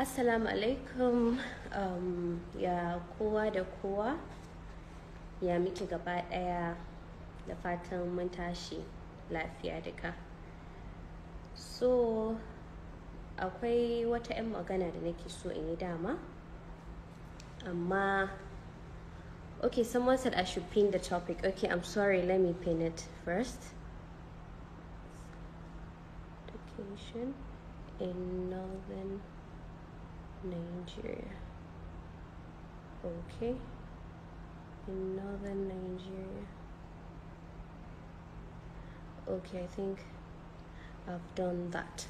assalamu alaikum um, ya kowa da kowa ya miki gaba daya da fatan mun tashi lafiya duka so akwai wata 'yan magana da nake so in yi dama amma okay someone said i should pin the topic okay i'm sorry let me pin it first education in northern Nigeria. Okay, in northern Nigeria. Okay, I think I've done that.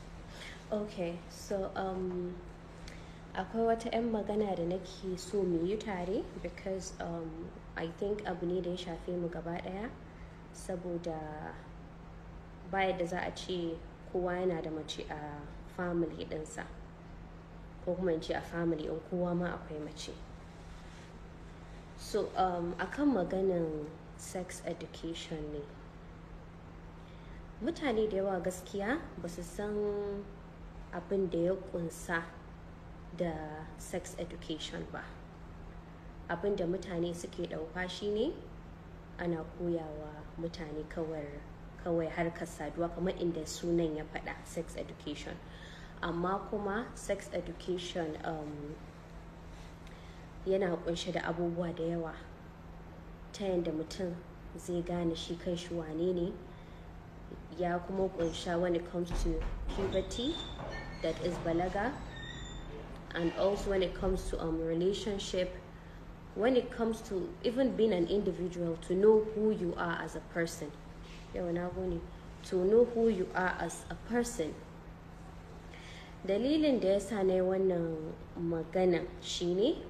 Okay, so um, akwai wata 'yan magana da nake so mu yi tare because um, I think abu ne da ya shafe mu gaba ɗaya saboda baya da za a ce kowa yana da mace a family ɗinsa. ko kuma ce a family in kowa ma akwai mace so um, akan maganin sex education ne mutane da yawa gaskiya ba su san abin da ya kunsa da sex education ba abin da mutane suke ɗauka shine ana koyawa mutane kawai harkar saduwa kamar inda sunan ya faɗa sex education amma kuma sex education um, yana kunshe da abubuwa da yawa ta yadda mutum zai gane shi kan shi wane ne ya kuma kunsha when it comes to puberty that is balaga and also when it comes to um, relationship when it comes to even being an individual to know who you are as a person to know who you are as a person dalilin da ya sa na yi wannan magana shine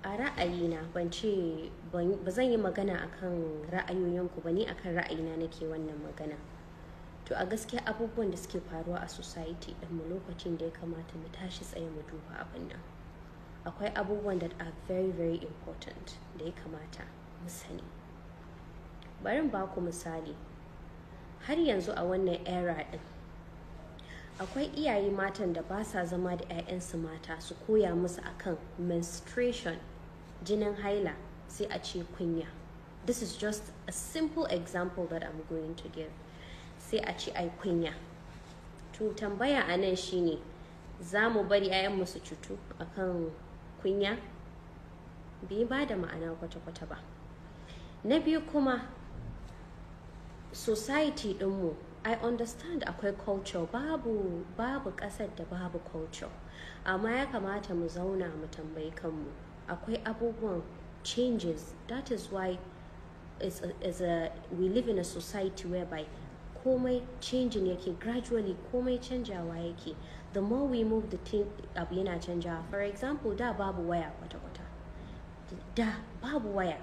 a ra'ayina ban ce ba zan yi magana akan ra'ayoyinku ba ni akan ra'ayina nake wannan magana to a gaskiya abubuwan da suke faruwa a society mu lokacin da ya kamata mu tashi tsaye mu duba abin nan akwai abubuwan da are very very important da ya kamata mu sani bari ba ku misali har yanzu a wannan era din akwai iyaye matan da ba sa zama da 'ya'yansu mata su koya musu akan menstruation jinin haila sai a ce kunya this is just a simple example that i'm going to give sai a ce ai kunya to tambaya a nan shine za mu bari 'ya'yanmu su cutu akan kunya bai ba da ma'ana kwata-kwata ba na biyu kuma society ɗinmu i understand akwai culture babu babu kasar da babu culture amma ya kamata mu zauna mu tambayi kanmu akwai abubuwan changes that is why it's a, it's a, we live in a society whereby komai changing yake gradually komai canjawa yake the more we move the thing abu yana canjawa for example da babu waya kwata-kwata da babu waya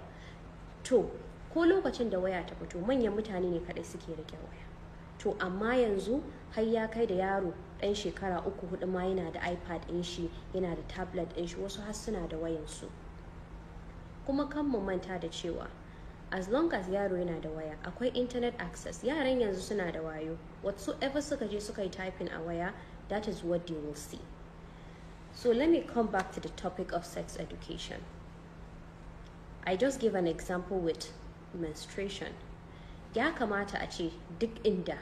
to ko lokacin da waya ta fito manyan mutane ne kadai suke rike waya to amma yanzu har ya kai da yaro ɗan shekara uku hudu ma yana da ipad din shi yana da tablet din shi wasu har suna da wayansu kuma kan mu manta da cewa as long as yaro yana da waya akwai internet access yaran yanzu suna da wayo whatsoever suka je suka yi typing a waya that is what they will see so let me come back to the topic of sex education i just give an example with menstruation ya kamata a ce duk inda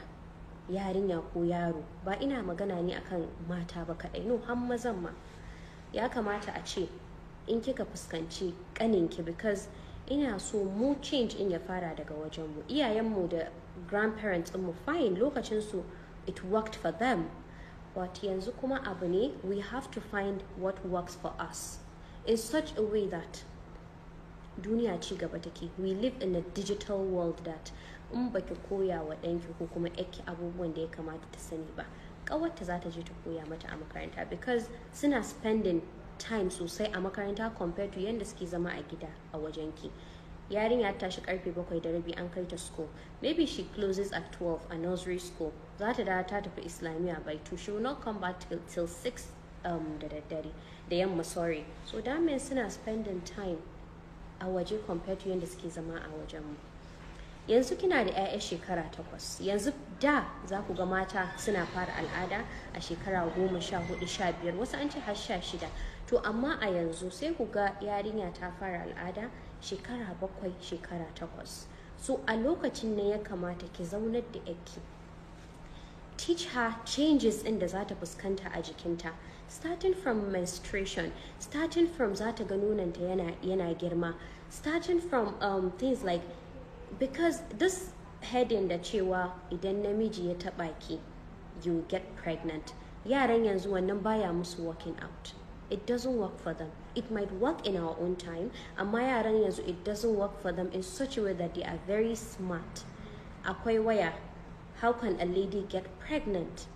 yarinya ko yaro ba ina magana ne akan mata ba kaɗai no har mazan ma ya kamata a ce in kika fuskanci kaninki because ina so mu change in ya fara daga wajenmu iyayenmu da grandparents mu fine lokacin su it worked for them but yanzu kuma abu ne we have to find what works for us in such a way that duniya ci gaba take we live in a digital world that in baki koya wa ɗanki ko kuma yake abubuwan da ya kamata ta sani ba ƙawarta za ta je ta koya mata a makaranta because suna spending time sosai a makaranta compared to yadda suke zama a gida a wajenki yarinya ta tashi karfe bakwai da rabi an kai ta school maybe she closes at 12 a nursery school za ta dawo ta tafi islamiyya by 2 she will not come back till, till 6 um, da daddare da yamma sorry so that means suna spending time a waje compared to yadda suke zama a wajen mu yanzu kina da 'ya'ya shekara takwas yanzu da za ku ga mata suna fara al'ada a shekara goma sha hudu sha biyar wasu an ce har sha shida to amma a yanzu sai ku ga yarinya ta fara al'ada shekara bakwai shekara takwas so a lokacin ne ya kamata ki zaunar da yaki teach her changes in da za ta fuskanta a jikinta starting from menstruation starting from za ta ga nonanta yana, yana girma starting from um, things like because this heading da cewa idan namiji ya taɓa ki you get pregnant yaran yanzu wannan baya musu working out it doesn't work for them it might work in our own time amma yaran yanzu it doesn't work for them in such a way that they are very smart akwai waya how can a lady get pregnant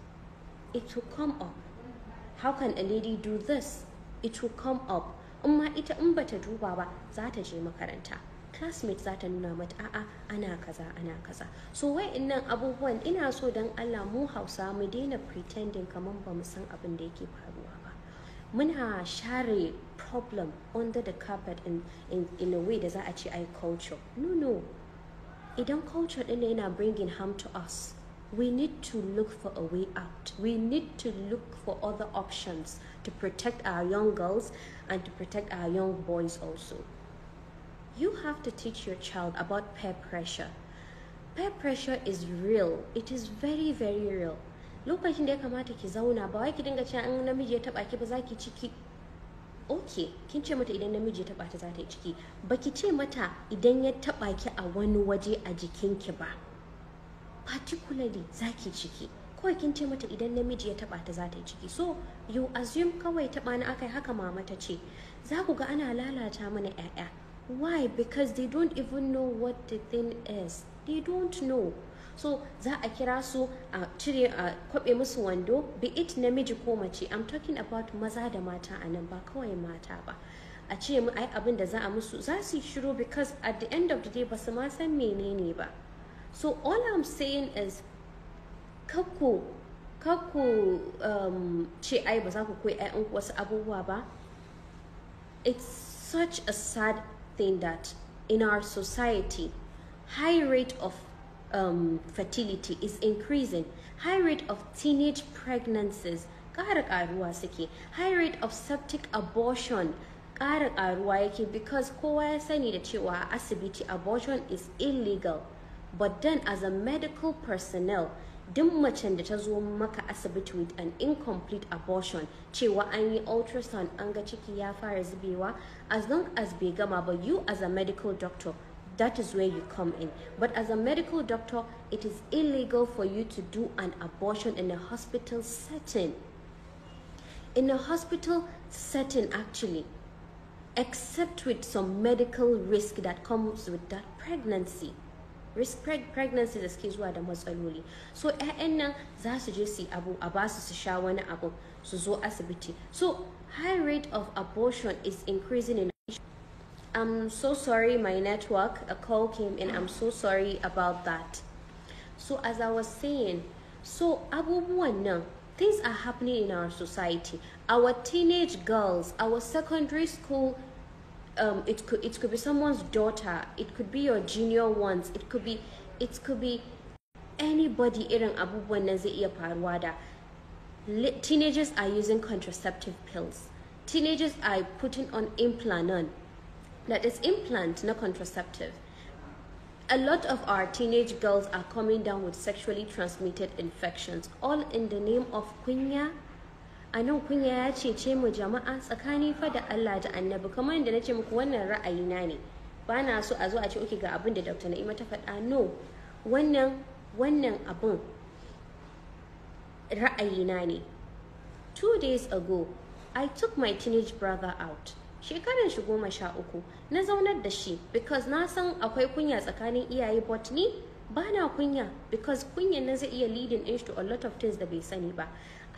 it will come up how can a lady do this it will come up amma ma ita in bata duba ba za ta je makaranta classmate za ta nuna mata a'a ana kaza ana kaza so wa'annan abubuwan ina so don allah mu hausa mu daina pretending kamar ba mu san abin da yake faruwa ba muna share problem under the carpet in, in, in a way da za a ce ai culture no no idan culture din yana bringing harm to us we need to look for a way out. We need to look for other options to protect our young girls and to protect our young boys also. you have to teach your child about peer pressure peer pressure is real it is very very real lokacin da ya kamata ki zauna ba wai ki dinga cewa an namiji ya taba ki ba za ki ciki ok kin ce mata idan namiji ya taba ta za ta yi ciki ki ce mata idan ya taba ki a wani waje a jikinki ba particularly za ki ciki kawai kin ce mata idan namiji ya taba ta za ta yi ciki so you assume kawai taba na akai haka mama ta ce za ku ga ana lalata mana 'ya'ya why because they don't even know what the thing is they don't know so za a kira su a cire a kwabe musu wando be it namiji ko mace i'm talking about maza da mata a nan ba kawai mata ba a ce mu ai abin da za a musu za su yi shiru because at the end of the day ba su ma san menene ba so all i'm saying is kakku kakku um, ce ai ba za ku koyi 'ya'yan wasu abubuwa ba it's such a sad thing that in our society, high rate of um, fertility is increasing. High rate of teenage pregnancies High rate of septic abortion because kowa ya sani da cewa abortion is illegal. But then, as a medical personnel, duk macen da ta maka asibiti with an incomplete abortion cewa an yi ultrasound an ga ciki ya fara zubewa as long as bai gama ba you as a medical doctor that is where you come in but as a medical doctor it is illegal for you to do an abortion in a hospital setting in a hospital setting actually except with some medical risk that comes with that pregnancy risk pregnancy da suke zuwa da matsaloli so 'ya'yan nan za su je su abu a ba su su sha wani abu su zo asibiti so high rate of abortion is increasing in I'm so sorry my network a call came and I'm so sorry about that so as I was saying so abubuwan nan things are happening in our society our teenage girls our secondary school um, it could it could be someone's daughter it could be your junior ones it could be it could be anybody irin abubuwan nan zai iya faruwa da teenagers are using contraceptive pills teenagers are putting on implant that is implant not contraceptive a lot of our teenage girls are coming down with sexually transmitted infections all in the name of kunya a nan kunya ya cece mu jama'a tsakani fa da Allah da annabi kamar yadda na ce muku wannan ra'ayina ne ba na so a zo a ce oke ga abin da Dr. Na'ima ta faɗa no wannan wannan abin ra'ayina ne two days ago I took my teenage brother out shekaran shi goma sha uku na zaunar da shi because na san akwai kunya tsakanin iyaye but ni ba kunya because kunyan na zai iya leading inch to a lot of things da bai sani ba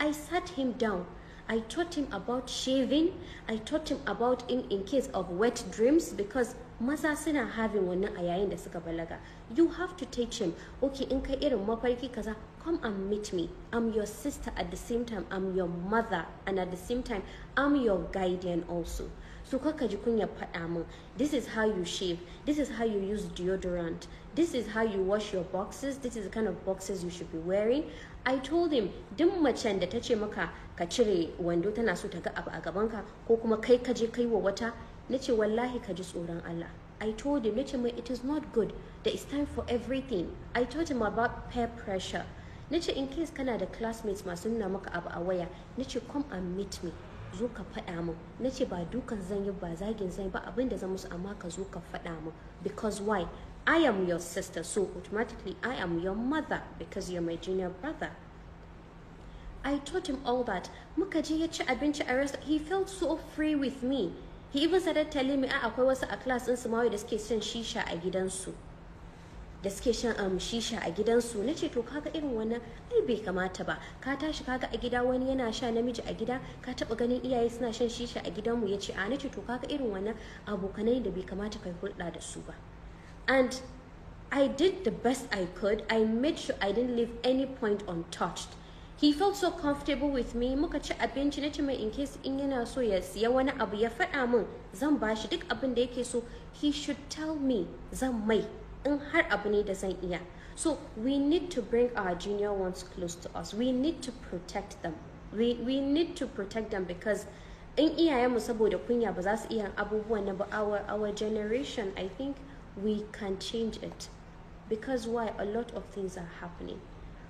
I sat him down. I taught him about shaving. I taught him about in, in case of wet dreams because maza having one a da suka balaga. You have to teach him, okay, in kai irin mafarki kaza, come and meet me. I'm your sister at the same time, I'm your mother and at the same time, I'm your guardian also. So kaka ji kunya faɗa this is how you shave, this is how you use deodorant, this is how you wash your boxes, this is the kind of boxes you should be wearing, I told him duk macen da ta ce maka ka cire wando tana so ta ga abu a gabanka ko kuma kai ka je kai wa wata nace wallahi ka ji tsoron Allah I told him nace mai it is not good there is time for everything I told him about peer pressure nace in case kana da classmates masu nuna maka abu a waya nace come and meet me zo ka faɗa min na ce ba dukan zan yi ba zagin zan ba abin da zan musu amma ka zo ka faɗa min because why I am your sister, so automatically I am your mother because you're my junior brother. I taught him all that. Muka je ya ci abinci a restaurant. He felt so free with me. He even started telling me a ah, akwai wasu a class su ma da suke shan shisha a gidansu. Da suke shan um, shisha a gidansu. Na ce to kaga irin wannan ai bai kamata ba. Ka tashi kaga a gida wani yana sha namiji a gida. Ka taɓa ganin iyaye suna shan shisha a gidanmu ya ce a ah, na ce to kaga irin wannan abokanai da bai kamata kai hulɗa da su ba. And I did the best I could. I made sure I didn't leave any point untouched. He felt so comfortable with me. Muka ci abinci na ce mai in case in yana so ya siya wani abu ya faɗa min zan bashi duk abin da yake so. He should tell me zan mai in har abu ne da zan iya. So we need to bring our junior ones close to us. We need to protect them. We, we need to protect them because in iyayenmu saboda kunya ba za su iya abubuwan na ba our, our generation I think – we can change it because why a lot of things are happening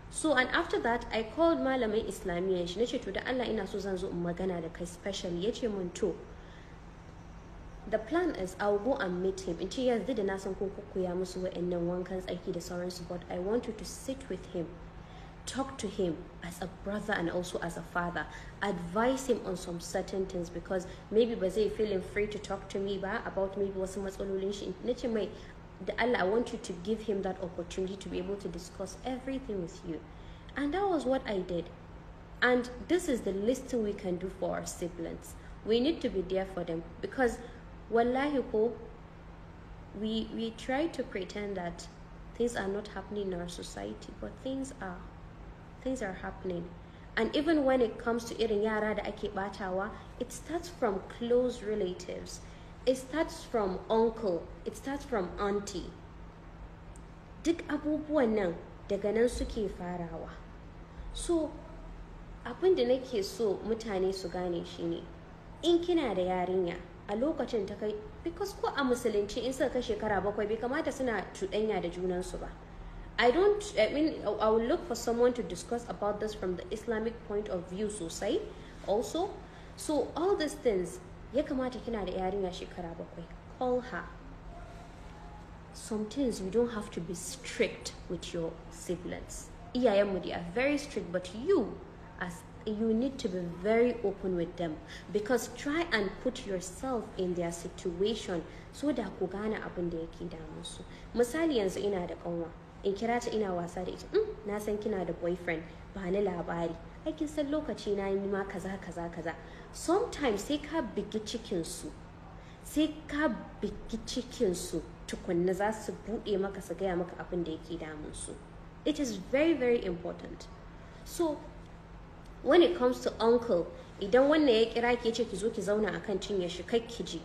so and after that i called malamin islamiyya shi nace to da Allah ina so zan zo in magana da kai special yace mun to the plan is will go and meet him in ce yanzu da na san ko ya musu wa'annan wankan tsaki da sauransu but i want you to sit with him talk to him as a brother and also as a father advise him on some certain things because maybe ba feeling free to talk to me ba about maybe what's matsalolin shi nace Allah I want you to give him that opportunity to be able to discuss everything with you and that was what I did and this is the least thing we can do for our siblings we need to be there for them because wallahi ko we we try to pretend that things are not happening in our society but things are things are happening and even when it comes to irin yara da ake batawa it starts from close relatives it starts from uncle it starts from auntie duk abubuwan nan daga nan suke farawa so abin da nake so mutane su gane shine in kina da yarinya a lokacin ta kai because ko a musulunci in suka kai shekara bakwai bai kamata suna cuɗanya da junansu ba I don't, I mean, I will look for someone to discuss about this from the Islamic point of view So say, also. So, all these things, ya kamata kina da call her. Sometimes you don't have to be strict with your siblings. Iyayenmu, are very strict, but you, as you need to be very open with them because try and put yourself in their situation so that kugana gane abin da Masali yanzu ina da in kira ta ina wasa da ita mm, na san kina da boyfriend ba ni labari aikin san lokaci na yi ma kaza kaza kaza sometimes sai ka bigi cikinsu sai ka bigi cikinsu tukunna za su buɗe maka su gaya maka abin da yake su it is very very important so when it comes to uncle idan wannan ya kira ki ce ki zo ki zauna akan cinye shi ki ji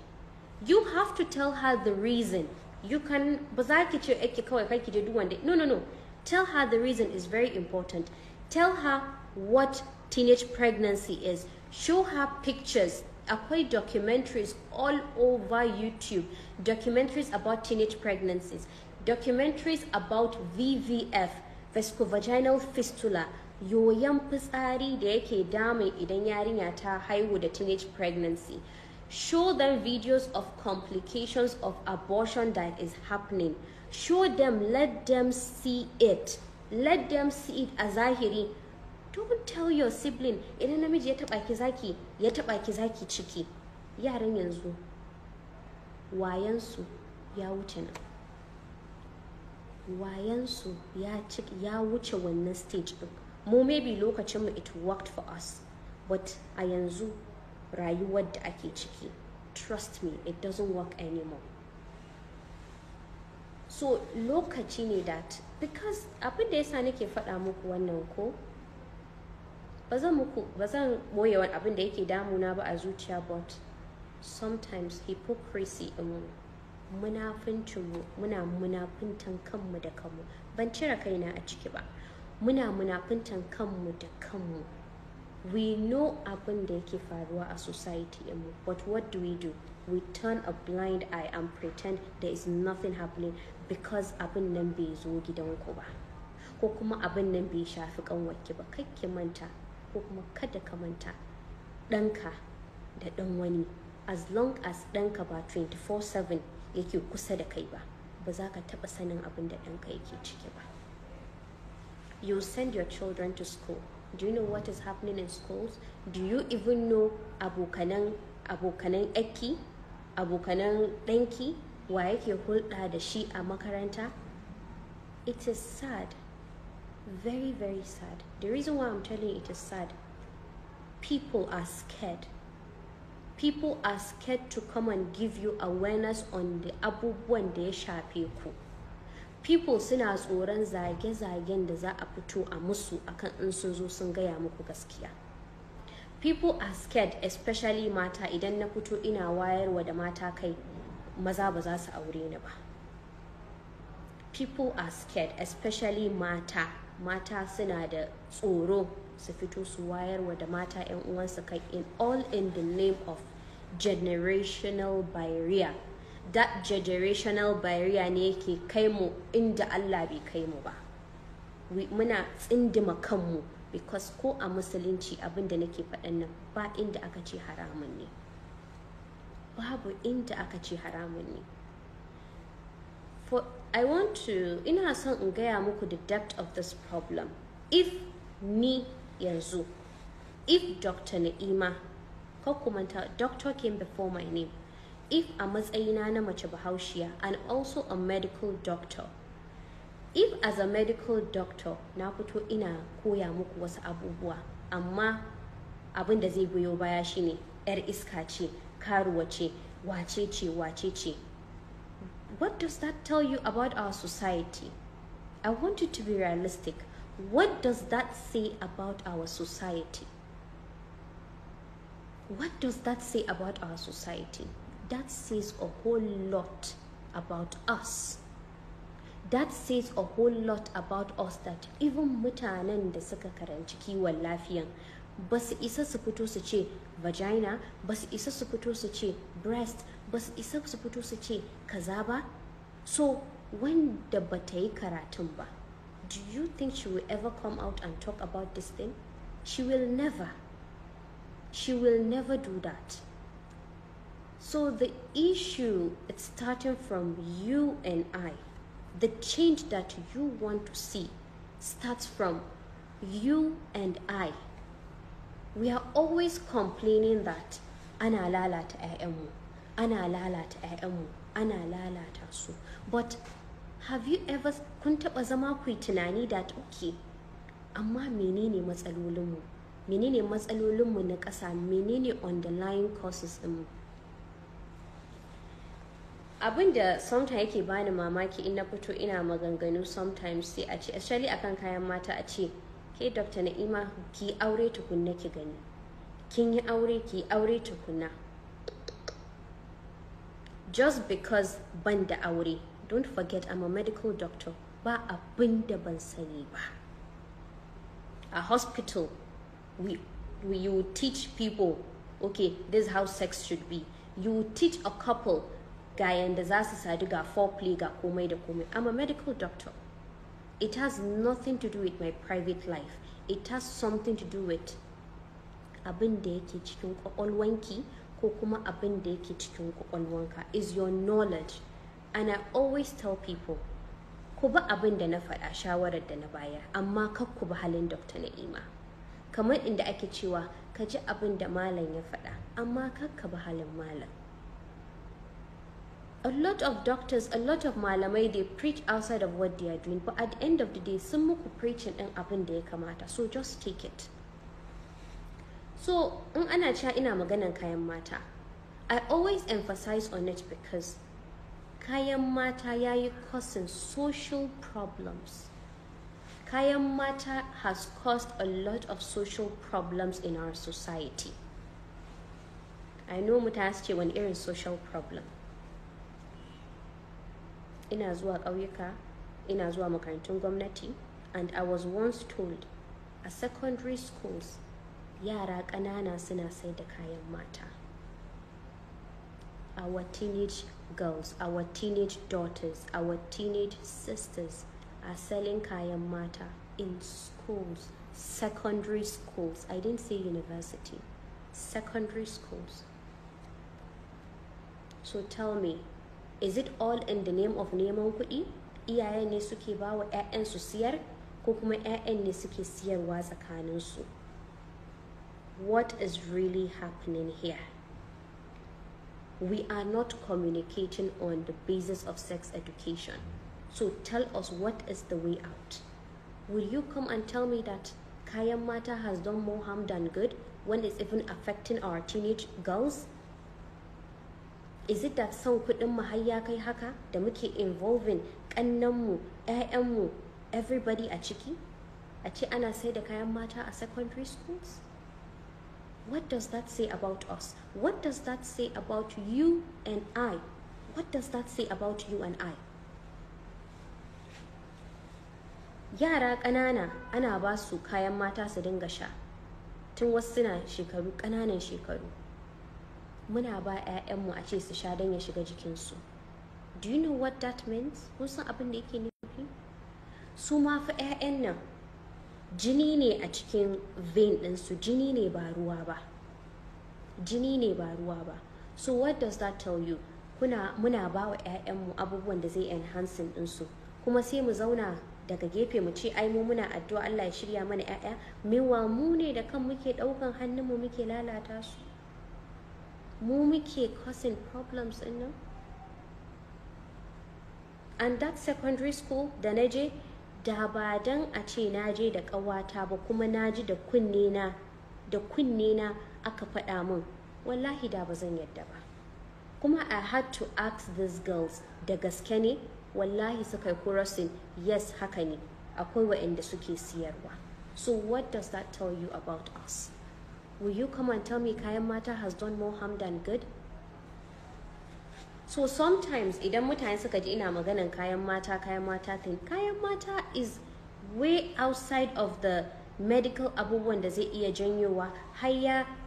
you have to tell her the reason you can ba za ki ce kawai kai ki duk wanda no no no tell her the reason is very important tell her what teenage pregnancy is show her pictures akwai documentaries all over youtube documentaries about teenage pregnancies documentaries about vvf vesicovaginal fistula yoyon fitsari da yake damun idan yarinya ta haihu da teenage pregnancy Show them videos of complications of abortion that is happening. Show them, let them see it. Let them see it as zahiri. Don't tell your sibling, idan namiji ya taɓa ki zaki, ya taɓa ki zaki ciki. Yaran yanzu, wayansu ya wuce nan. Wayansu ya ya wuce wannan stage ɗin. Mu maybe lokacin mu it worked for us. But a yanzu rayuwar da ake ciki trust me it doesn't work anymore so lokaci ne that because abin da yasa nake faɗa muku wannan ko bazan zan muku boye wani abin da yake damuna ba a zuciya but sometimes hypocrisy mu munafincinmu muna munafintan kanmu da kanmu ban cire kaina a ciki ba muna munafintan kanmu da kanmu we know abin da yake faruwa a society mu but what do we do we turn a blind eye and pretend there is nothing happening because abin nan bai zo gidanku ba ko kuma abin nan bai shafi kanwarki ba ki manta ko kuma kada ka manta ɗanka da ɗan wani as long as ɗanka ba 24/7 yake kusa da kai ba ba za ka taɓa sanin abin da ɗanka yake ciki ba you send your children to school do you know what is happening in schools do you even know abokanan abokanan eki abokanan ɗanki wa yake hulɗa da shi a makaranta it is sad very very sad the reason why i'm telling you it is sad people are scared people are scared to come and give you awareness on the abubuwan da ya shafe ku people suna tsoron zage-zagen da za a fito a musu akan in sun zo sun gaya muku gaskiya people are scared especially mata idan na fito ina wayarwa da mata kai maza ba za su aure ni ba people are scared especially mata mata suna da tsoro su fito su wayarwa da mata 'yan uwansu kai in all in the name of generational barrier that generational barrier ne yake kai mu inda Allah bai kai mu ba muna tsindima kanmu because ko a musulunci abinda nake faɗan nan ba inda aka ce haramun ne babu inda aka ce haramun ne for i want to ina son in gaya muku the depth of this problem if ni yanzu if dr na'ima ko kuma doctor came before my name if a matsayina na mace bahaushiya and also a medical doctor if as a medical doctor na fito ina koya muku wasu abubuwa amma abin da zai goyo baya shine yar iska ce karuwa ce wace ce wace ce what does that tell you about our society i want you to be realistic what does that say about our society what does that say about our society that says a whole lot about us that says a whole lot about us that even mutanen da suka karanci kiwon lafiyan ba su isa su fito su ce vagina ba su isa su fito su ce breast ba su isa su fito su ce kaza ba so wanda ba ta yi karatun ba do you think she will ever come out and talk about this thing she will never she will never do that So the issue it's starting from you and I. The change that you want to see starts from you and I. We are always complaining that ana lalata 'ya'yanmu, ana lalata 'ya'yanmu, ana ta su. But have you ever kun taɓa zama ku tunani that okay amma menene matsalolinmu menene matsalolinmu na kasa menene underlying causes ɗinmu abin da sometimes yake bani mamaki in na fito ina maganganu sometimes sai a ce especially akan kayan mata a ce ke dr na'ima ki aure tukunna ki gani kin yi aure ki aure tukunna just because ban da aure don't forget i'm a medical doctor ba abin da ban sani ba a hospital we, we you teach people okay this is how sex should be you teach a couple ga yanda za su sadu ga foreplay ga komai da komai I'm a medical doctor it has nothing to do with my private life it has something to do with abin da yake cikin kwakwalwanki ko kuma abin da yake cikin kwakwalwanka is your knowledge and I always tell people ku ba abin da na faɗa shawarar da na bayar amma kar ku halin Dr. Na'ima kamar inda ake cewa ka ji abin da malam ya faɗa amma kar ka bi halin malam a lot of doctors a lot of malamai they preach outside of what they are doing but at the end of the day sun muku preaching din abin da ya kamata so just take it so in ana cewa ina maganan kayan mata i always emphasize on it because kayan mata ya yi causing social problems kayan mata has caused a lot of social problems in our society i know mutane ce wani irin social problem ina zuwa aweka, ina zuwa makarantun gwamnati and i was once told a secondary schools yara ƙanana suna sai da kayan mata our teenage girls our teenage daughters our teenage sisters are selling kayan mata in schools secondary schools i didn't say university secondary schools so tell me is it all in the name of neman kuɗi iyaye ne suke ba wa 'ya'yansu siyar ko kuma 'ya'yan ne suke siyarwa tsakaninsu what is really happening here we are not communicating on the basis of sex education so tell us what is the way out will you come and tell me that kayan mata has done more harm than good when it's even affecting our teenage girls is it that son kudin mu har ya kai haka da muke involving kannanmu ƴaƴanmu everybody a ciki a ce ana sai da kayan mata a secondary schools what does that say about us what does that say about you and i what does that say about you and i yara ƙanana ana ba su kayan mata su dinga sha tun wasu suna shekaru ƙananan shekaru muna ba 'ya'yanmu a ce su sha don ya shiga jikinsu do you know what that means kun san abin da yake nufi su ma fa 'ya'yan nan jini ne a cikin vein ɗinsu jini ne ba ruwa ba jini ne ba ruwa ba so what does that tell you kuna muna ba wa 'ya'yanmu abubuwan da zai enhance ɗinsu kuma sai mu zauna daga gefe mu ce ai mu muna addu'a Allah ya shirya mana 'ya'ya mewa mu ne da kan muke ɗaukan hannunmu muke lalata su mu muke causing problems in nan and that secondary school da na je da ba dan a ce na je da ƙawata ba kuma na ji da kunne na da kunne na aka faɗa min wallahi da ba zan yadda ba kuma i had to ask these girls da gaske ne wallahi suka yi kurasin yes haka ne akwai waɗanda suke siyarwa so what does that tell you about us Will you come and tell me kayan mata has done more harm than good? So sometimes idan mutane suka ji ina maganan kayan mata, kayan mata think kayan mata is way outside of the medical abubuwan da zai iya janyowa har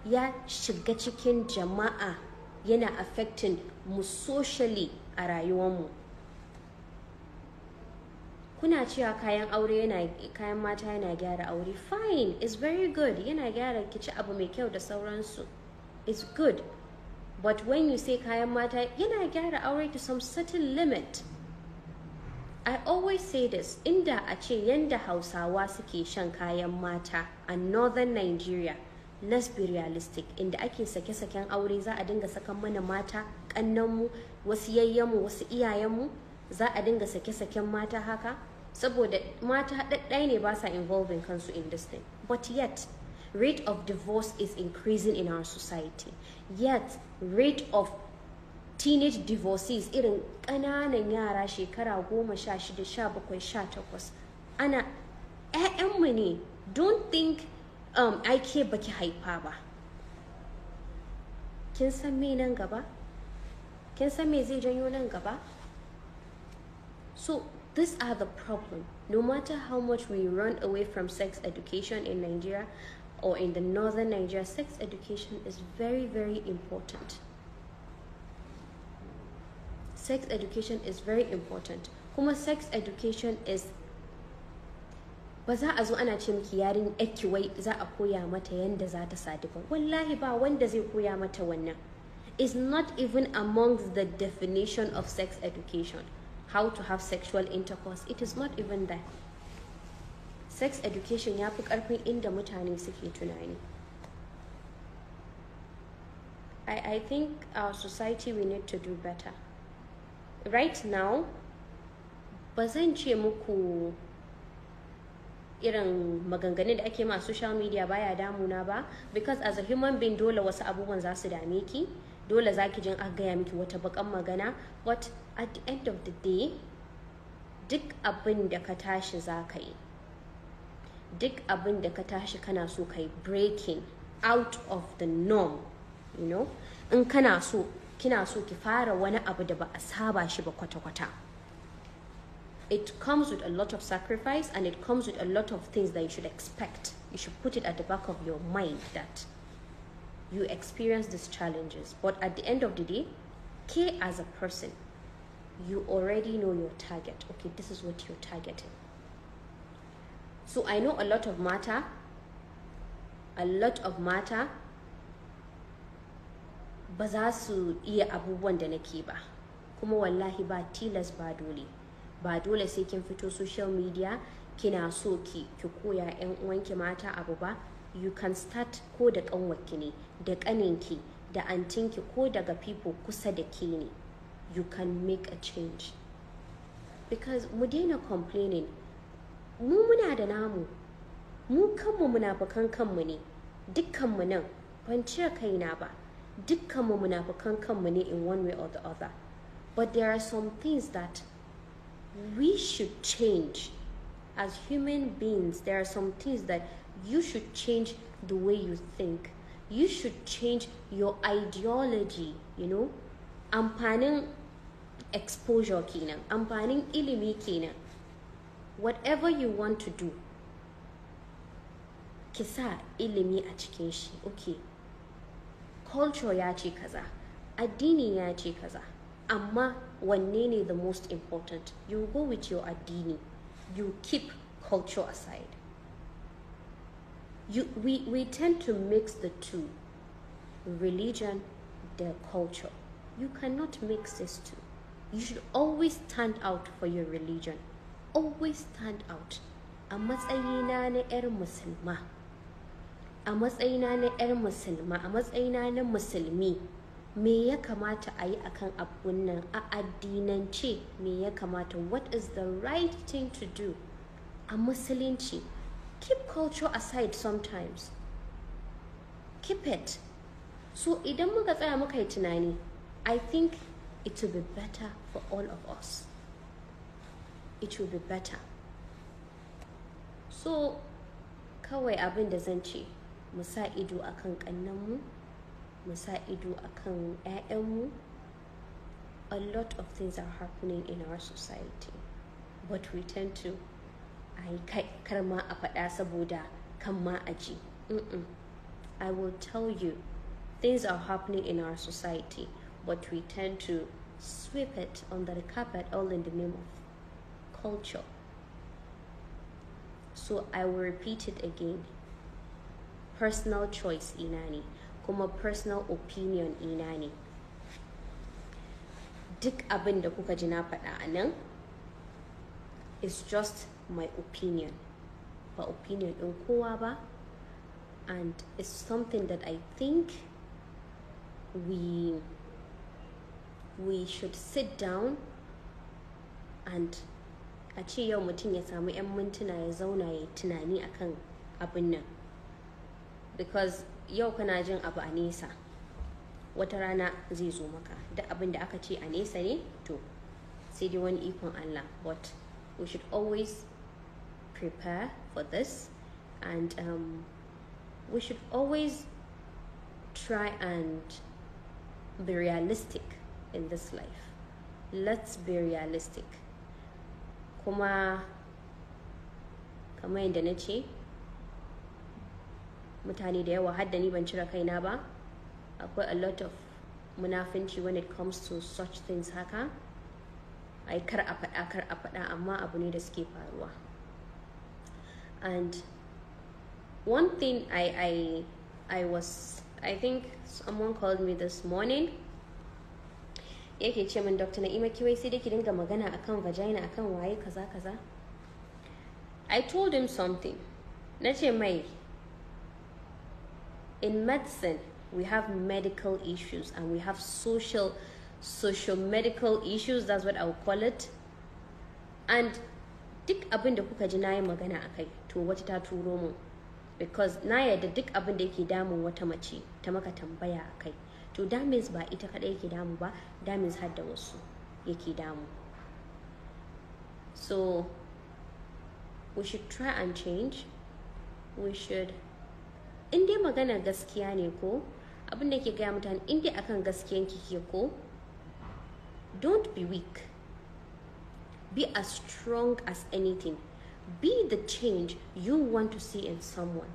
ya shiga cikin jama'a yana affecting mu socially a rayuwarmu. kuna cewa kayan aure yana kayan mata yana gyara aure fine it's very good yana gyara kici abu mai kyau da sauransu it's good but when you say kayan mata yana gyara aure to some certain limit I always say this inda a ce yanda hausawa suke shan kayan mata a northern Nigeria let's be realistic inda ake sake-saken aure za a dinga sakan mana mata kannanmu wasu yayyanmu wasu iyayenmu za a dinga sake-saken mata haka saboda mata haɗaɗɗai ne ba sa involving kansu in this thing but yet rate of divorce is increasing in our society yet rate of teenage divorces irin ƙananan yara shekara goma sha shida sha bakwai sha takwas ana ƴaƴanmu ne don't think um, baki haifa ba kin san me nan gaba kin san me zai janyo nan gaba so These are the problem. No matter how much we run away from sex education in Nigeria or in the northern Nigeria, sex education is very, very important. Sex education is very important. Kuma sex education is ba za a zo ana ce miki yarin yaki za a koya mata yanda za ta sadu ba wallahi ba wanda zai koya mata wannan is not even among the definition of sex education how to have sexual intercourse it is not even that. sex education ya fi karfin inda mutane suke tunani I, I think our society we need to do better right now ba zan ce muku irin maganganun da ake ma social media baya damuna ba because as a human being dole wasu abubuwan za su dame ki dole zaki jin an gaya miki wata bakan magana but at the end of the day duk abin da ka tashi duk abin da ka tashi kana so kai breaking out of the norm you know in kana so kina so ki fara wani abu da ba a saba shi ba kwata-kwata it comes with a lot of sacrifice and it comes with a lot of things that you should expect you should put it at the back of your mind that you experience these challenges. But at the end of the day, K as a person, you already know your target. Okay, this is what you're targeting. So I know a lot of matter, a lot of matter bazasu iya abubuwan da nake ba kuma wallahi ba tilas ba dole ba dole sai kin fito social media kina so ki ki koya 'yan uwanki mata abu ba you can start ko da kanwarki ne da kaninki da antinki ko daga people kusa da ke ne you can make a change because mu daina complaining mu muna da namu mu kanmu munafukan kanmu ne dukkanmu nan ban cire kaina ba dukkanmu munafukan kanmu ne in one way or the other but there are some things that we should change as human beings there are some things that you should change the way you think. You should change your ideology, you know. Amfanin exposure I'm amfanin ilimi Kina, Whatever you want to do, kisa ilimi achikenshi, okay. Culture ya ce kaza, addini ya kaza, amma the most important? You go with your adini. you keep culture aside you, we, we tend to mix the two religion, their culture. You cannot mix these two. You should always stand out for your religion. Always stand out. A matsayina er musulma. A matsayina na 'yar musulma. A matsayina na musulmi. Me ya kamata a yi a kan abun nan a addinance me ya kamata what is the right thing to do a musulunci keep culture aside sometimes keep it so idan muka tsaya muka yi tunani i think it will be better for all of us it will be better so kawai abin da zan ce mu sa ido akan kannanmu mu sa ido akan 'ya'yanmu a lot of things are happening in our society but we tend to a a faɗa saboda kan ma i will tell you things are happening in our society but we tend to sweep it under the carpet all in the name of culture so i will repeat it again personal choice inani kuma personal opinion inani duk abin da kuka ji na faɗa a just my opinion ba opinion ɗin kowa ba and it's something that I think we we should sit down and a ce yau mutum ya samu 'yan mintuna ya zauna ya tunani akan abin nan because yau kana jin abu a nesa wata rana zai zo maka da abin da aka ce a nesa ne to sai dai wani ikon Allah but we should always prepare for this and um, we should always try and be realistic in this life let's be realistic kuma kamar yadda na ce mutane da yawa hadda ni ban cire kaina ba akwai a lot of munafinci when it comes to such things haka ai kar a faɗa kar a faɗa amma abu ne da suke faruwa and one thing I I I was I think someone called me this morning yake ce min Dr. Na'ima kiwai sai ki dinga magana akan vagina akan waye kaza kaza I told him something nace mai in medicine we have medical issues and we have social social medical issues that's what I will call it and duk abin da kuka ji na magana akai to wata ta turo mu? because na yarda duk abin da yake damun wata mace ta maka tambaya a kai to damins ba ita kadai yake damu ba damins har da wasu yake damu so we should try and change we should in dai magana gaskiya ne ko abin da ke gaya mutane in dai akan gaskiyan kike ko don't be weak be as strong as anything Be the change you want to see in someone.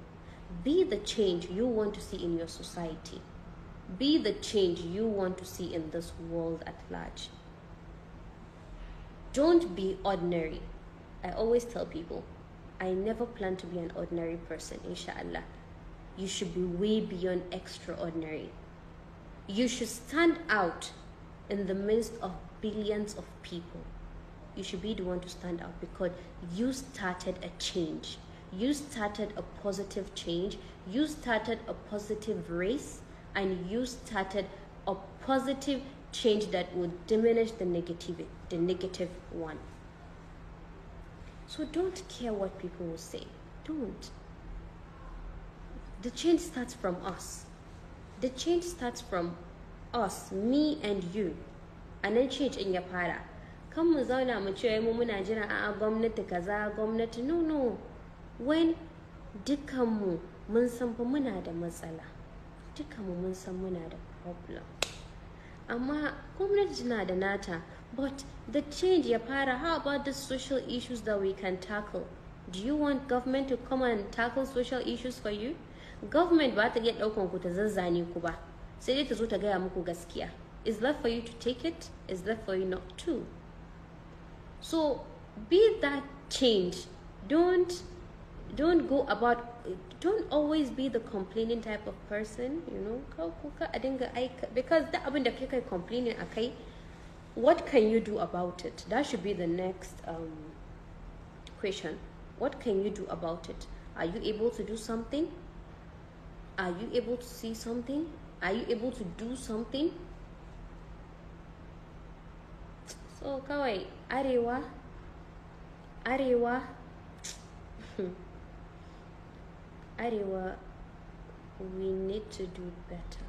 Be the change you want to see in your society. Be the change you want to see in this world at large. Don't be ordinary. I always tell people, I never plan to be an ordinary person, inshallah. You should be way beyond extraordinary. You should stand out in the midst of billions of people you should be the one to stand out because you started a change. You started a positive change. You started a positive race and you started a positive change that will diminish the negative the negative one. So don't care what people will say. Don't. The change starts from us. The change starts from us, me and you. And then change in your para. kan mu zauna mu ce mu muna jira a gwamnati kaza gwamnati no when 'Dukkanmu mun san fa muna da matsala Dukkanmu mun san muna da problem amma gwamnati na da nata but the change ya fara how about the social issues that we can tackle do you want government to come and tackle social issues for you government ba ta iya daukan ku ta zazzane ku ba sai dai ta zo ta gaya muku gaskiya is left for you to take it is left for you not to so be that change don't don't go about don't always be the complaining type of person you know because that abin da complaining okay, what can you do about it that should be the next um, question what can you do about it are you able to do something are you able to see something are you able to do something so kawai arewa arewa arewa we need to do better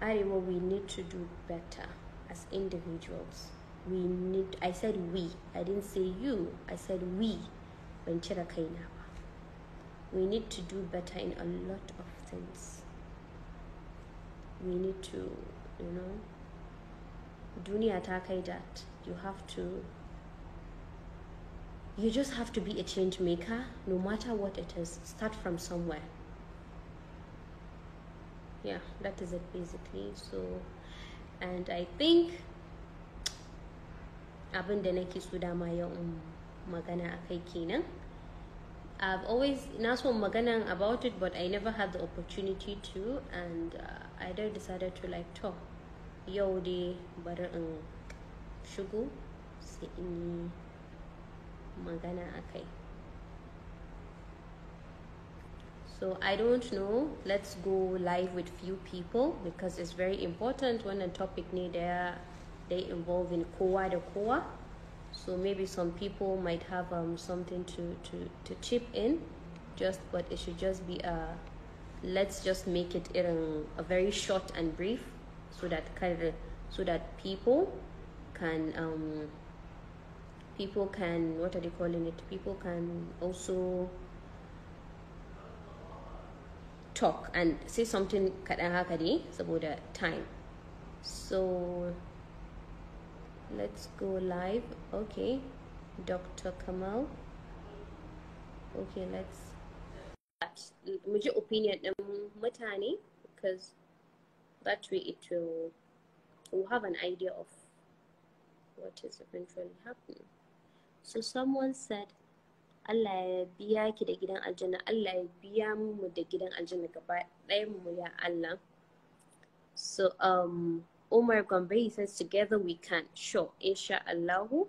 arewa we need to do better as individuals we need i said we i didn't say you i said we When cire we need to do better in a lot of things we need to you know duniya ta kai that you have to you just have to be a change maker no matter what it is start from somewhere yeah that is it basically so and i think abin da nake so dama yau magana akai kenan i've always na so magana about it but i never had the opportunity to and uh, i decided to like talk yau bari in shigo sai in yi magana so i don't know let's go live with few people because it's very important when a topic need there they involve in koa the koa. so maybe some people might have um, something to, to, to chip in just but it should just be a let's just make it in a very short and brief so that so that people can um, people can what are they calling it people can also talk and say something about the time so let's go live okay dr kamal okay let's that's opinion mutani um, because that way it will will have an idea of what is eventually happening so someone said Allah ya biya ki da gidan aljanna Allah ya biya mu da gidan aljanna gaba ɗayan mu ya Allah so um Omar Gombe says together we can sure insha Allahu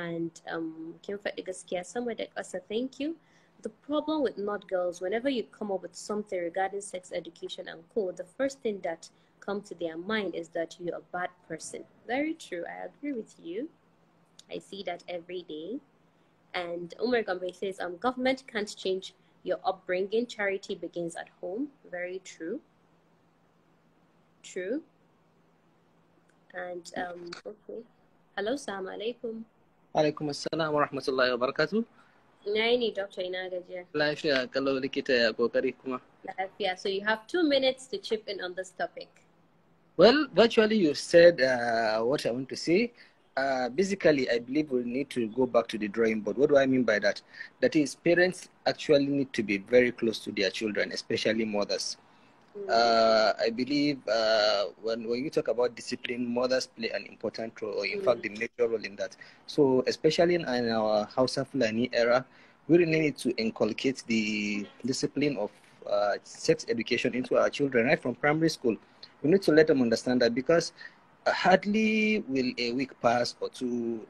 and um kin faɗi gaskiya sama da ƙasa thank you the problem with not girls, whenever you come up with something regarding sex education and code, the first thing that comes to their mind is that you're a bad person. Very true. I agree with you. I see that every day. And Umar Gombe says, um, government can't change your upbringing. Charity begins at home. Very true. True. And, um, okay. Hello, salaam alaikum. Alaikum assalam wa rahmatullahi wa barakatuh. Na ne doctor ina gajiya. Lafiya kalau likita ya kokari kuma. Lafiya. So you have two minutes to chip in on this topic. Well, virtually you said uh, what I want to say. Uh, basically, I believe we need to go back to the drawing board. What do I mean by that? That is, parents actually need to be very close to their children, especially mothers uh, I believe uh, when, when you talk about discipline, mothers play an important role, or in mm. fact, the major role in that. So, especially in our Hausa Fulani era, we really need to inculcate the discipline of uh, sex education into our children right from primary school. We need to let them understand that because uh, hardly will a week pass or two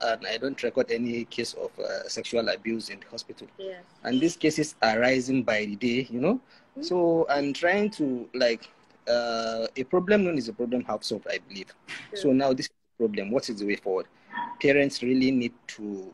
and I don't record any case of uh, sexual abuse in the hospital. Yes. And these cases are rising by the day, you know. So I'm trying to like uh, a problem known is a problem half solved, I believe. Sure. So now this problem, what is the way forward? Parents really need to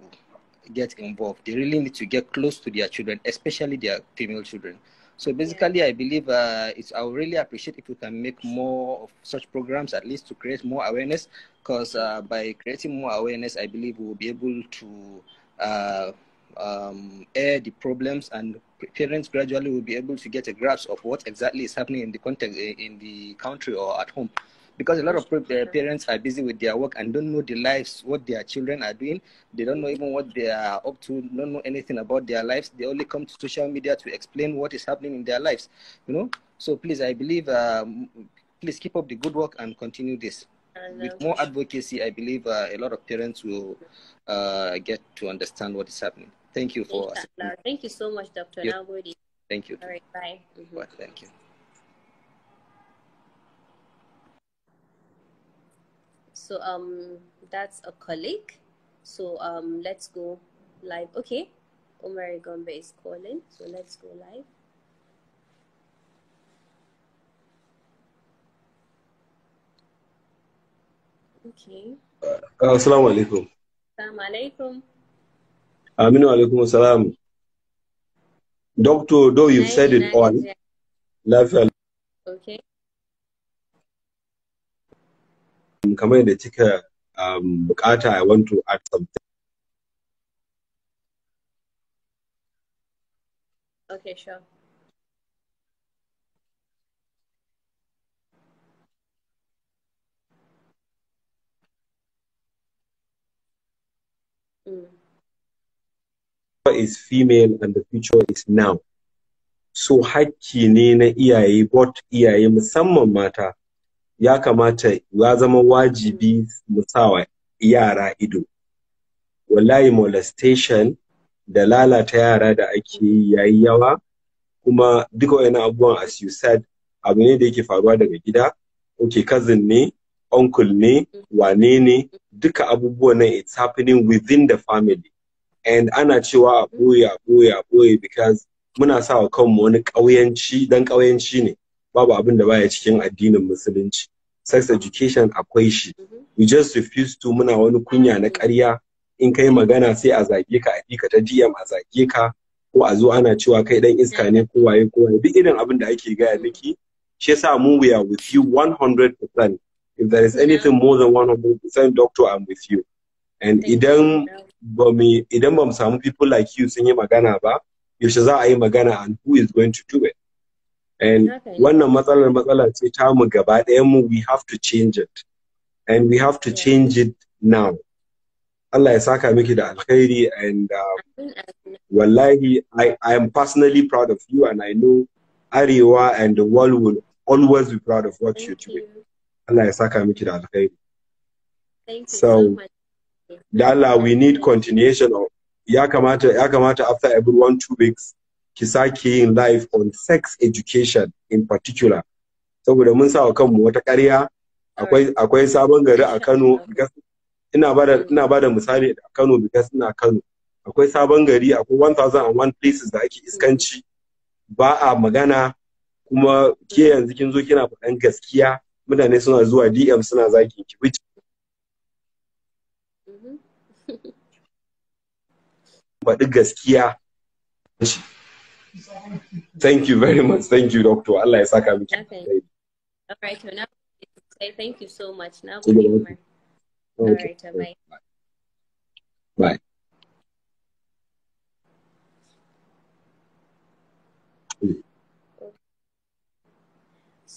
get involved. They really need to get close to their children, especially their female children. So basically, yeah. I believe uh, it's. I would really appreciate if you can make more of such programs, at least to create more awareness. Because uh, by creating more awareness, I believe we will be able to uh, um, air the problems, and parents gradually will be able to get a grasp of what exactly is happening in the context in the country or at home. Because a lot of parents are busy with their work and don't know the lives, what their children are doing. They don't know even what they are up to, don't know anything about their lives. They only come to social media to explain what is happening in their lives, you know. So please, I believe, um, please keep up the good work and continue this with uh, more advocacy, I believe uh, a lot of parents will uh, get to understand what is happening. Thank you for us. Thank you so much, Dr. You, Thank you. All right, bye. Mm -hmm. Bye, thank you. So um, that's a colleague. So um, let's go live. Okay, Omar Gombe is calling. So let's go live. Okay. Uh, assalamu alaikum. Assalamu alaikum. Aminu alaikum salam. Doctor, though you've said it all, lafiya. Okay. In Kamar yadda kika bukata, I want to add something. Okay, sure. Mm. is female and the future is now so hakki ne na iyaye bot iyaye musamman mata ya kamata ya zama wajibi musawa yara ido wallahi molestation da lalata yara da ake yi yayi yawa kuma duka wani abubuwan as you said abu ne da yake faruwa daga gida okay cousin ne uncle ne wane ne duka abubuwan nan it's happening within the family and ana cewa a ɓoye a ɓoye a ɓoye because muna sa wa kanmu wani ƙauyanci don ƙauyanci ne babu abin da baya cikin addinin musulunci sex education akwai shi we just refuse to muna wani kunya na ƙarya in kai magana sai a zage ka a ka ta DM a zage ka ko a zo ana cewa kai dan iska ne ko waye ko waye duk irin abin da ake gaya miki shi yasa mu we are with you 100% if there is anything more than 100% doctor I'm with you and idan ba mu idan ba mu samu people like you sun yi magana ba yaushe za a yi magana and who is going to do it and wannan matsalar matsala ce ta mu gaba ɗayan mu we have to change it and we have to change it now Allah ya saka miki da alkhairi and um, wallahi I, I am personally proud of you and I know Arewa and the world will always be proud of what Thank you're doing. You. Allah ya saka miki da alkhairi. Thank you so, so much. da Allah we need continuation of ya kamata ya kamata after every one two weeks ki sake yin live on sex education in particular saboda mun sa wa kanmu wata ƙarya akwai akwai sabon gari a Kano ina bada ina bada misali a Kano because ina Kano akwai sabon gari akwai 1001 places da ake iskanci ba a magana kuma ke yanzu kin zo kina faɗan gaskiya mutane suna zuwa DM suna zakin ki which faɗi gaskiya thank you very much thank you doctor Allah ya saka miki all right now say thank you so much now okay. all right bye bye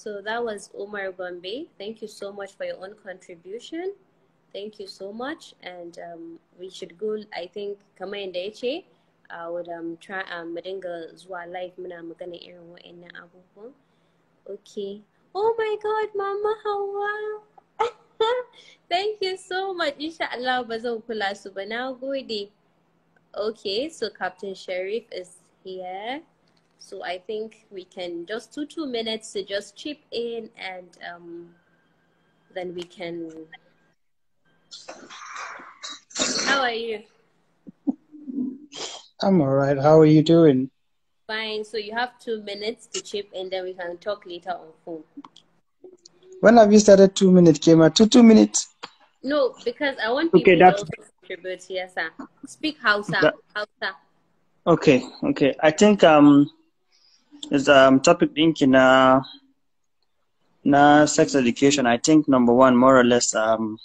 So that was Omar Bombay. Thank you so much for your own contribution thank you so much. And um, we should go, I think, come in there, ce, I uh, would um, try um, mu dinga zuwa live muna magana irin wa'annan abubuwan. Okay. Oh my God, Mama Hawa. thank you so much. Inshallah, Allah ba zan kula su ba. Okay, so Captain Sheriff is here. So I think we can just do two minutes to just chip in and um, then we can how are you? I'm all right. How are you doing? Fine. So you have two minutes to chip, and then we can talk later on phone. When have you started two minutes, Kema? Two two minutes? No, because I want people okay, that's... to contribute yes, sir. Speak Hausa. That... Hausa. Okay, okay. I think um, is um topic in na uh, na sex education. I think number one, more or less um.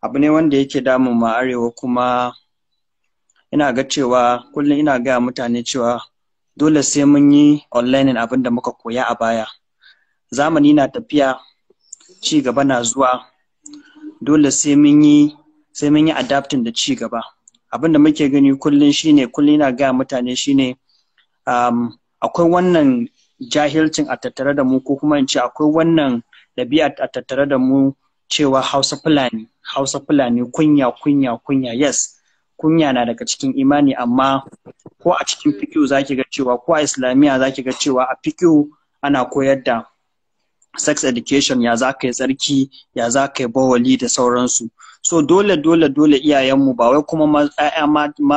abu ne wanda yake damun ma arewa kuma ina ga cewa kullum ina gaya mutane cewa dole sai mun yi online abin da muka koya a baya zamani na tafiya ci gaba na zuwa dole sai mun yi sai da ci gaba abin da muke gani kullum shine kullum ina gaya mutane shine um, akwai wannan jahilcin a tattare da mu ko kuma in ce akwai wannan ɗabi'a a tattare da mu cewa hausa fulani hausa fulani kunya kunya kunya yes kunya na daga cikin imani amma ko a cikin fikiyu zaki ga cewa ko a islamiyya zaki ga cewa a fikiyu ana koyar da sex education ya za ka yi tsarki ya za ka yi bawali da sauransu so dole dole dole iyayenmu ba wai kuma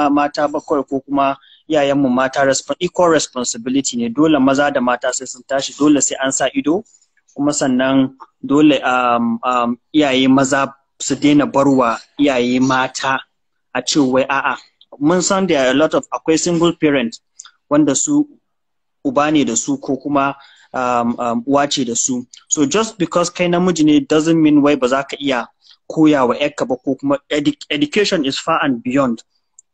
mata ba ko kuma iyayenmu mata equal responsibility ne dole maza da mata sai sun tashi dole sai an sa ido kuma sannan dole um, um, iyaye maza su daina barwa iyaye mata a ce wai a'a mun san da a lot of akwai single parent wanda su uba ne da su ko kuma um, uwa ce da su so just because kai namiji ne doesn't mean wai ba za ka iya koya wa yarka ba ko kuma education is far and beyond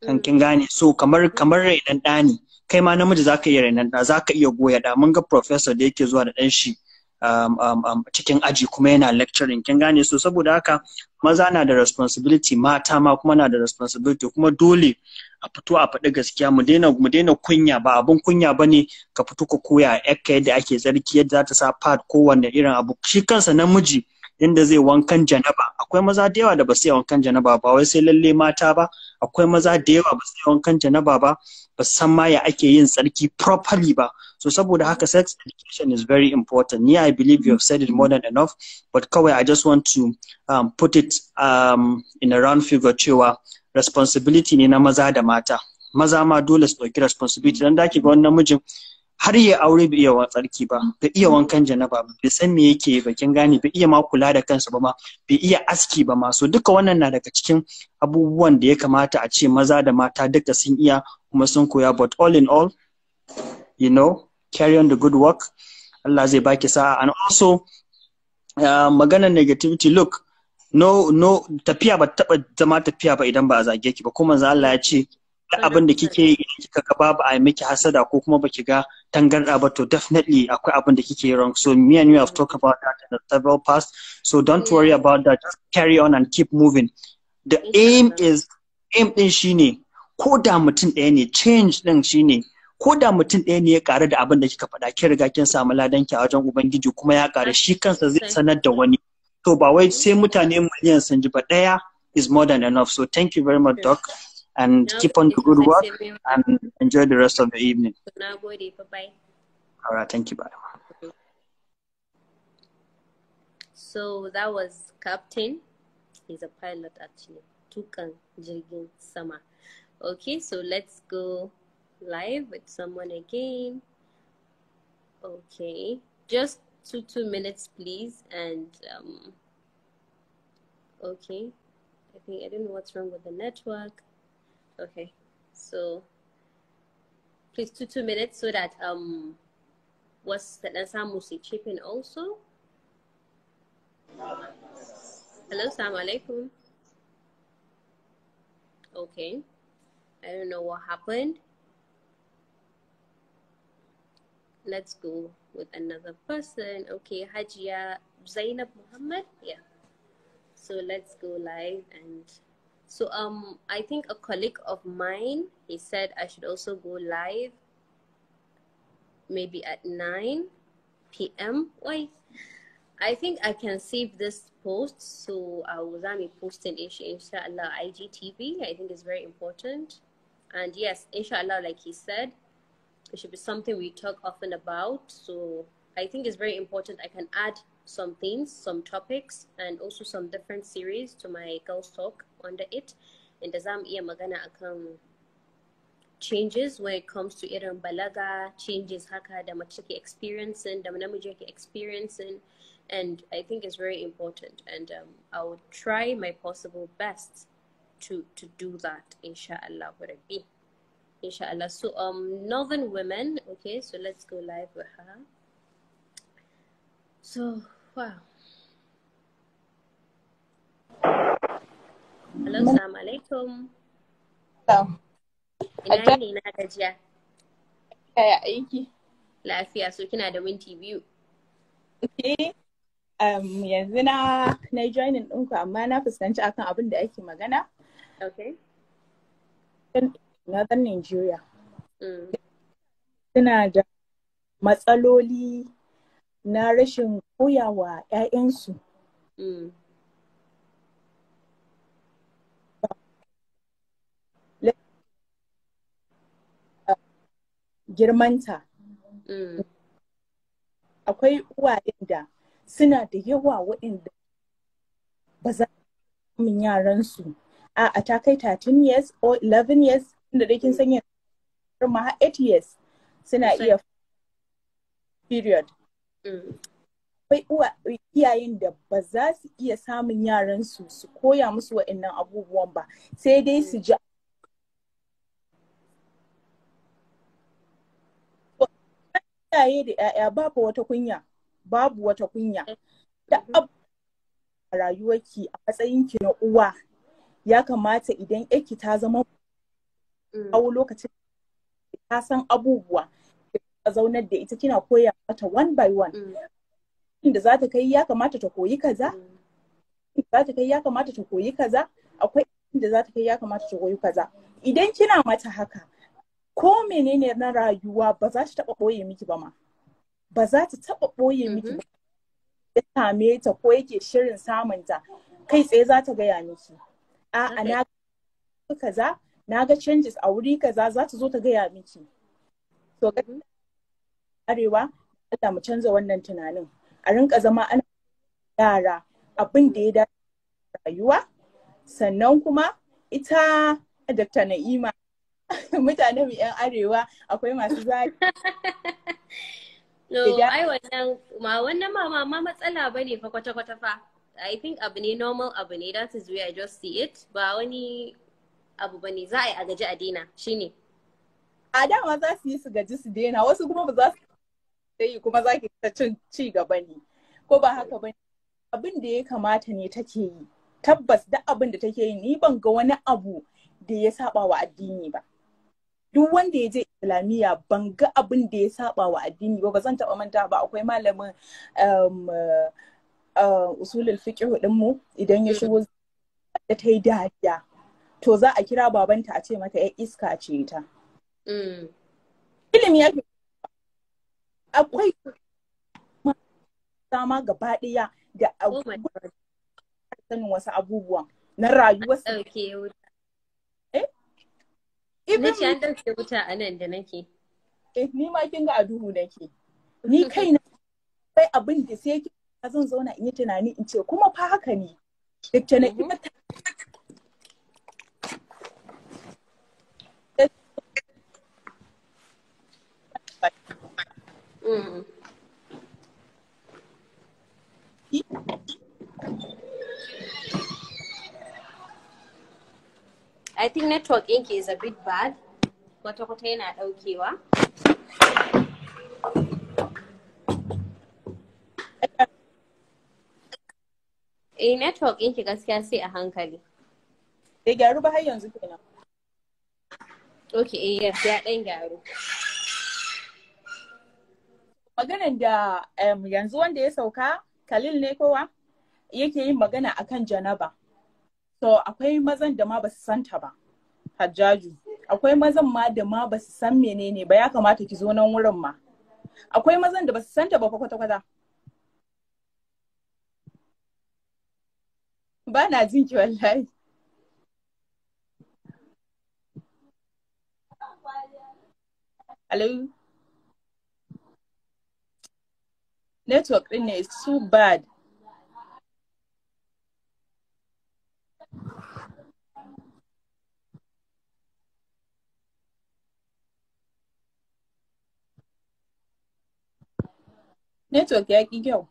kan kin gane so kamar kamar rainan kai ma namiji za ka iya rainan ɗa za ka iya goya ɗa mun ga professor da yake zuwa da ɗan shi Um, um, um, cikin aji kuma yana lecturing kin gane so saboda haka maza na da responsibility mata ma kuma na da responsibility kuma dole a fito a faɗi gaskiya mu daina mu daina kunya ba abun kunya ba ne ka fito ka koya yadda ake zarki yadda za ta sa pad kowanne irin abu shi kansa namiji inda zai wankan janaba akwai maza da yawa da ba su wankan janaba ba wai sai lalle mata ba akwai maza da yawa ba su wankan janaba ba ba san ma ya ake yin tsarki properly ba so saboda haka sex education is very important yeah i believe you have said it more than enough but kawai i just want to um, put it um, in a round figure cewa responsibility ne na maza da mata maza ma dole su ɗauki responsibility dan da ga wannan namijin har ya aure bai iya tsarki ba bai iya wankan janaba ba bai san me yake ba kin gane bai iya ma kula da kansa ba ma bai iya aski ba ma so duka wannan na daga cikin abubuwan da ya kamata a ce maza da mata duka sun iya kuma sun koya but all in all you know carry on the good work Allah zai baki sa'a and also uh, maganar negativity look no no tafiya ba taba zama tafiya ba idan ba a zage ki ba kuma manzo Allah ya ce abin da kike yi kaga babu a miki hasada ko kuma baki ga tangarda ba to definitely akwai abin da kike wrong so me and you have talked about that in the several past so don't mm. worry about that just carry on and keep moving the aim is aim din shine ko da mutum ɗaya ne change din shine ko da mutum ɗaya ne ya ƙaru da abin da kika faɗa kin riga kin samu ladanki a wajen ubangiji kuma ya ƙaru shi kansa zai sanar da wani to ba wai sai mutane miliyan sun ji ba ɗaya is more than enough so thank you very much doc and no, keep on your good work and enjoy the rest of the evening. bye bye. All right, thank you. Bye. So that was Captain. He's a pilot actually. Tukan Jirgin Sama. Okay, so let's go live with someone again. Okay, just two two minutes, please. And um, okay, I think I don't know what's wrong with the network. Okay. So please two two minutes so that um what's that dan uh, samu su chipping also. Hello, assalamu alaikum. Okay. I don't know what happened. Let's go with another person. Okay, Hajia Zainab Muhammad. Yeah. So let's go live and so um, I think a colleague of mine, he said I should also go live maybe at 9 p.m. Why? I think I can save this post. So I will be posting inshallah IGTV. I think it's very important. And yes, inshallah, like he said, it should be something we talk often about. So I think it's very important. I can add some things, some topics, and also some different series to my Girls Talk under it. And za mu magana akan changes when it comes to irin balaga, changes haka da mace ke experiencing, da experiencing. And I think it's very important. And um, I will try my possible best to, to do that, inshallah, would it be? Inshallah. So, um, Northern Women, okay, so let's go live with her. So, akwa Hello, alaikum. Ina ne na gajiya? Kaya aiki. Lafiya, so kina da minti biyu. Eh, um, yanzu na na joinin ɗinku amma na fuskanci akan abin da ake magana. Okay. Northern Nigeria. Mm. Suna da matsaloli na rashin koya wa 'ya'yansu mm. girmanta mm. akwai uwayen da suna da yawa waɗanda ba za min yaransu a a ta kai 13 years or 11 years inda da kin sanya ma 8 years suna iya period Mm. akwai iyayen da ba za su iya samun yaran su su koya musu waɗannan abubuwan ba sai dai su mm. ji iyaye da 'ya'ya babu wata kunya babu wata kunya mm. da a rayuwarki a ki na uwa ya kamata idan yaki ta zama kawo lokacin ta san abubuwa zaunar da ita kina koya mata one by one mm. inda za ta kai ya kamata ta koyi kaza mm. za ta kai ya kamata ta koyi kaza akwai inda za ta kai ya kamata ta koyi kaza idan kina mata haka ko menene na rayuwa ba za ta taɓa ɓoye miki ba ma ba za ta taɓa ɓoye mm-hmm. miki ba ya same ta ko yake shirin samunta kai tsaye za ta gaya miki a'a na kaza na ga changes a wuri kaza za ta zo ta gaya miki to mm-hmm. arewa Allah mu canza wannan tunanin a rinka zama ana yara abin da ya dace rayuwa sannan kuma ita Dr. Na'ima mutane mu 'yan arewa akwai masu zaki No, ai wannan ma wannan ma ma matsala bane fa kwata kwata fa. I think abu ne normal abu ne that is where I just see it ba wani abu bane za a yi a gaji a dina shine. A dama za su yi su gaji su dena wasu kuma ba za su sai kuma za ki ta cin ci gaba ne ko ba haka ba abin da ya kamata ne take yi tabbas da abin da take yi ni ban ga wani abu da ya saba wa addini ba duk wanda ya je islamiyya ban ga abin da ya saba wa addini ba ba zan taba manta ba akwai malamin um, uh, uh, usulul fiqh din mu idan ya shigo da ta yi dariya to za a kira babanta a ce mata ya iska ce ta mm. ilimi ya akwai dama gaba ɗaya da oh sanin wasu abubuwa na rayuwar su eh ibn an dace wuta a nan da nake eh ni ma kin ga a duhu nake ni kaina sai abin da sai ki zan zauna in yi tunani in ce kuma fa haka ne duk mm-hmm. ta Mm-hmm. I think network ink is a bit bad. But kwata okay, ɗaukewa. Eh network ɗinki gaskiya a hankali. They eh, gyaru ba Okay, eh yes, ya ɗan gyaru. maganan da um, yanzu wanda ya sauka Khalil ne kowa yake yin magana akan janaba. So akwai mazan da ma ba su santa ba. Hajjaju. Akwai mazan ma da ma ba su san menene ba ya kamata ki zo nan wurin ma. Akwai mazan da ba su santa ba kwata kwata. Ba na jin ki wallahi. Hello. network in is too bad network ya you go.